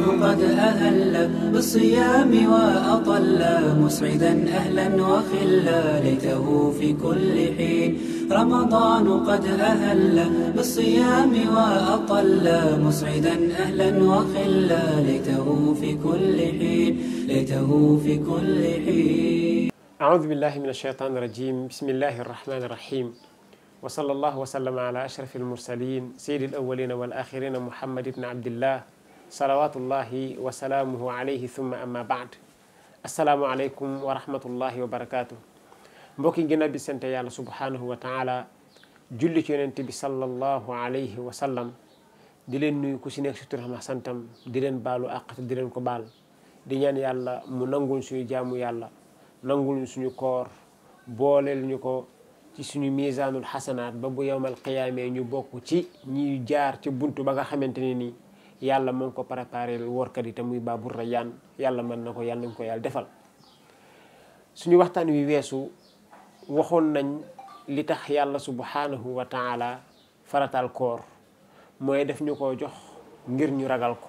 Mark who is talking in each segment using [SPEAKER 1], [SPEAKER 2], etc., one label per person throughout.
[SPEAKER 1] الله قد أهل بالصيام وأطل مسعدا أهلا وخلا ليته في كل حين رمضان قد أهل بالصيام وأطل مسعدا أهلا وخلا ليته في كل حين ليته في كل حين أعوذ بالله من الشيطان الرجيم بسم الله الرحمن الرحيم وصلى الله وسلم على أشرف المرسلين سيد الأولين والآخرين محمد بن عبد الله صلوات الله وسلامه عليه ثم أما بعد assalaamu aleykum wa rahmatullahi wa barakaatu mbokki ginnaaw bi sant yàlla subhaanahu wa taala julli ci yonent bi sallallahu alayhi wa sallam di leen nuyu ku si nekk si turam ak santam di leen baalu àq di leen ko baal di ñaan yàlla mu nangul suñu jaamu yàlla nangul suñu koor booleel ñu ko ci suñu miisaanul xasanaat ba bu yowmal qiyaamee ñu bokk ci ñiy jaar ci buntu ba nga xamante ne nii yàlla moo ko préparé woorkat yi muy Baabu Rayaan yàlla mën na ko yàlla nañ ko yàlla defal suñu waxtaan wi weesu waxoon nañ li tax yàlla subhanahu wa taala faratal koor mooy def ñu ko jox ngir ñu ragal ko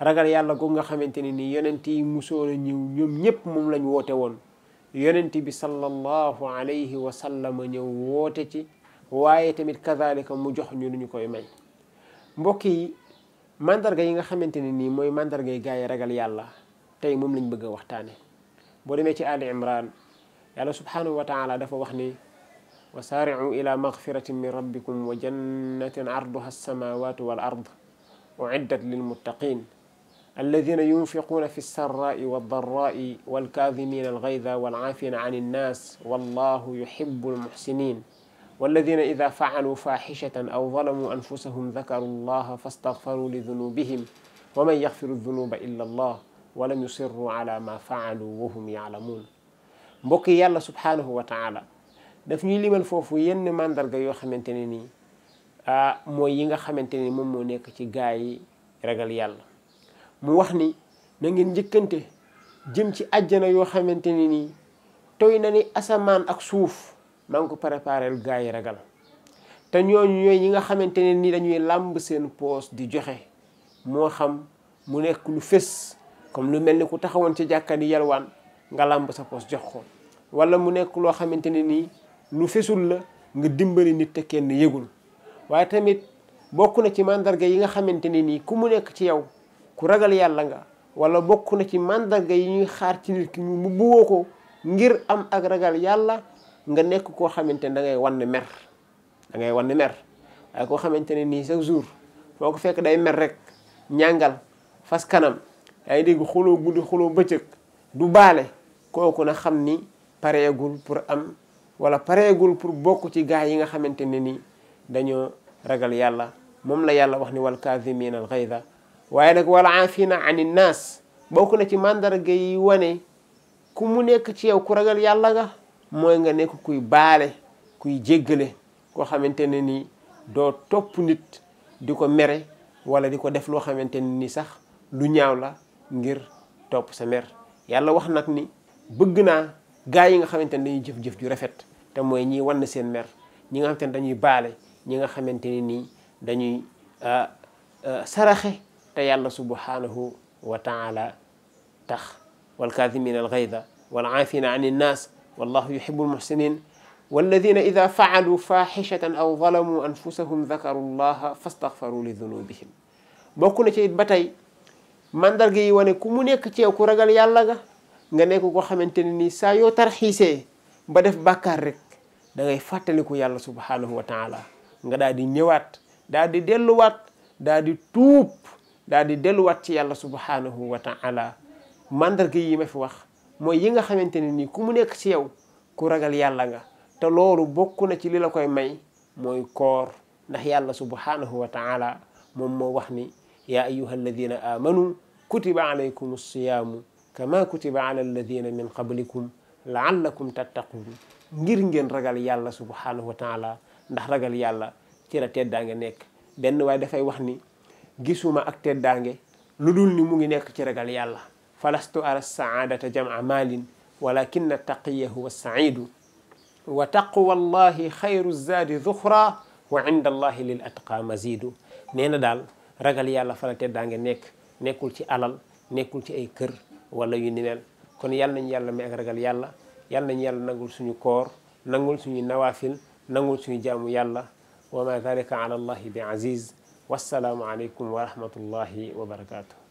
[SPEAKER 1] ragal yàlla googu nga xamante ne ni yonent yi musoon a ñëw ñoom ñëpp moom lañ woote woon yonent bi sallallahu alayhi wa sallam ñëw woote ci waaye tamit kazalika mu jox ñu lu ñu koy may mbokk mandarga yi nga xamanteni ni moy mooy mandarga yi gars ragal yàlla tay mom lañ bëgg waxtane bo démé ci ali imran yàlla subhanahu wa taala dafa wax ni wasari'u ila magfiratin min rabbikum wa jannatin arduha as-samawati wal ard uiddat lil lilmuttaqin الذين ينفقون في السراء والضراء والكاظمين الغيظ والعافين عن الناس والله يحب المحسنين walladina ida faalu faaxishatan aw zalamu anfusahum dakaru llaha fastaxfaru li dunubihim wa man yaxfiru dunuba illa allah walam yusirru ala ma faalu wahum yaalamuun mbokk yi yàlla subhaanahu wa taala daf ñuy limal foofu yenn màndarga yoo xamante ne nii mooy yi nga xamante ni moom moo nekk ci gaa yi ragal yàlla mu wax ni na ngeen njëkkante jëm ci àjjana yoo xamante ne nii toy na ni asamaan ak suuf na nga ko préparel gars yi ragal te ñooñu ñooy ñi nga xamante ne ni dañuy làmb seen poos di joxe moo xam mu nekk lu fés comme lu mel ni ku taxawoon ci jàkka di yalwaan nga làmb sa poos jox ko wala mu nekk loo xamante ne nii lu fésul la nga dimbali nit te kenn yëgul waaye tamit bokk na ci màndarga yi nga xamante ne nii ku mu nekk ci yow ku ragal yàlla nga wala bokk na ci mandarga yi ñuy xaar ci nit ki mu buwoo ko ngir am ak ragal yàlla nga nekk koo xamante ne da ngay wan mer da ngay wan mer waaye koo xamante ne nii chaque jour foo ko fekk day mer rek ñàngal fas kanam yaa ngi dégg xuloo guddi xuloo bëccëg du baale kooku na xam ni pareegul pour am wala pareegul pour bokk ci gaa yi nga xamante ne nii dañoo ragal yàlla moom la yàlla wax ni wal kaazimiina al ghayza waaye nag wal aafiina ani naas bokk na ci mandarga yi wane ku mu nekk ci yow ku ragal yàlla nga mooy nga nekk kuy baale kuy jéggale koo xamante ne nii doo topp nit di ko mere wala di ko def loo xamante ne nii sax lu ñaaw la ngir topp sa mer yàlla wax nag ni bëgg naa gaa yi nga xamante ne dañuy jëf-jëf ju rafet te mooy ñiy wann seen mer ñi nga xamante ne dañuy baale ñi nga xamante ne nii dañuy ah, ah, saraxe te yàlla subhanahu wa taala tax wal kaazimina al ghayza wal aafina an innaas والله يحب المحسنين والذين إذا فعلوا فاحشة أو ظلموا أنفسهم ذكروا الله فاستغفروا لذنوبهم bokk na ci it ba tey mandarga yi wane ku mu nekk ci yow ku ragal yàlla nga nga nekk koo xamante ne nii saa yoo tarxiisee ba def bàkkaar rek da ngay fàttaliku yàlla subhaanahu wa taala nga daal di ñëwaat daal di delluwaat daal di tuub daal di delluwaat ci yàlla subhaanahu wa taala mandarga yi ma fi wax mooy yi nga xamante ne nii ku mu nekk ci yow ku ragal yàlla nga te loolu bokk na ci li la koy may mooy koor ndax yàlla subhanahu wa taala moom moo wax ni yaa ayuha alladina amanu kutiba alaykum alsiyaamu kama kutiba ala alladina min qablikum laallakum tattaquun ngir ngeen ragal yàlla subhanahu wa taala ndax ragal yàlla ci la teddaange nekk benn waaye dafay wax ni gisuma ak teddaange lu dul ni mu ngi nekk ci ragal yàlla falastu ara saadata jama maalin walakin taqiya huwa saidu wa taqwa allahi xayru zaadi zuxra wa inda allahi lil atqa mazidu nee na daal ragal yàlla fala teddaange nekk nekkul ci alal nekkul ci ay kër wala yu ni mel kon yàlla nañu yàlla may ak ragal yàlla yàlla nañu yàlla nangul suñu koor nangul suñu nawaafil nangul suñu jaamu yàlla wa ma dalika ala allahi bi aziz wassalaamu aleykum wa rahmatullahi wa barakaatu.